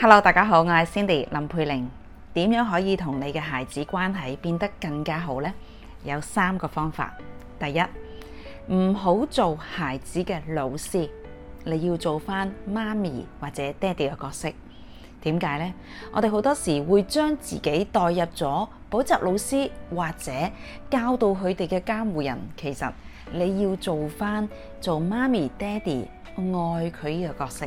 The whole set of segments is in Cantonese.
Hello，大家好，我係 Cindy 林佩玲。點樣可以同你嘅孩子關係變得更加好呢？有三個方法。第一，唔好做孩子嘅老師，你要做翻媽咪或者爹哋嘅角色。點解呢？我哋好多時會將自己代入咗補習老師或者教導佢哋嘅監護人。其實你要做翻做媽咪、爹哋，愛佢嘅角色。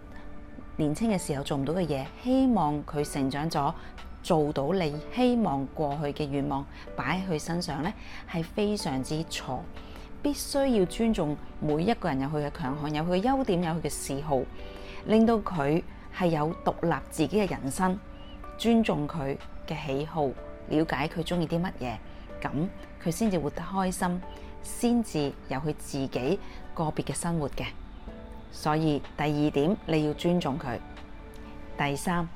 年青嘅時候做唔到嘅嘢，希望佢成長咗做到你希望過去嘅願望擺喺佢身上呢，係非常之錯。必須要尊重每一個人有佢嘅強項，有佢嘅優點，有佢嘅嗜好，令到佢係有獨立自己嘅人生，尊重佢嘅喜好，了解佢中意啲乜嘢，咁佢先至活得開心，先至有佢自己個別嘅生活嘅。所以第二點，你要尊重佢；第三，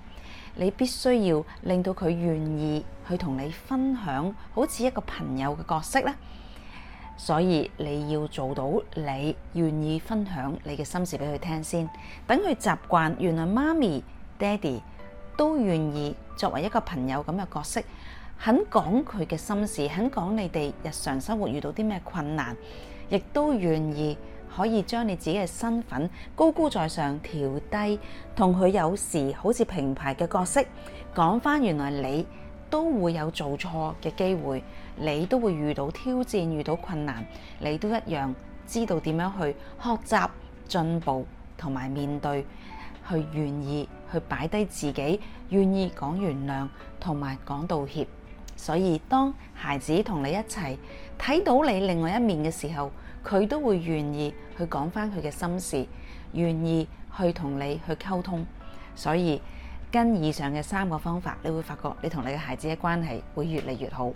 你必須要令到佢願意去同你分享，好似一個朋友嘅角色咧。所以你要做到你，你願意分享你嘅心事俾佢聽先，等佢習慣。原來媽咪、爹哋都願意作為一個朋友咁嘅角色，肯講佢嘅心事，肯講你哋日常生活遇到啲咩困難，亦都願意。可以將你自己嘅身份高高在上調低，同佢有時好似平排嘅角色，講返原來你都會有做錯嘅機會，你都會遇到挑戰、遇到困難，你都一樣知道點樣去學習進步，同埋面對，去願意去擺低自己，願意講原諒同埋講道歉。所以，當孩子同你一齊睇到你另外一面嘅時候，佢都會願意去講翻佢嘅心事，願意去同你去溝通。所以，跟以上嘅三個方法，你會發覺你同你嘅孩子嘅關係會越嚟越好。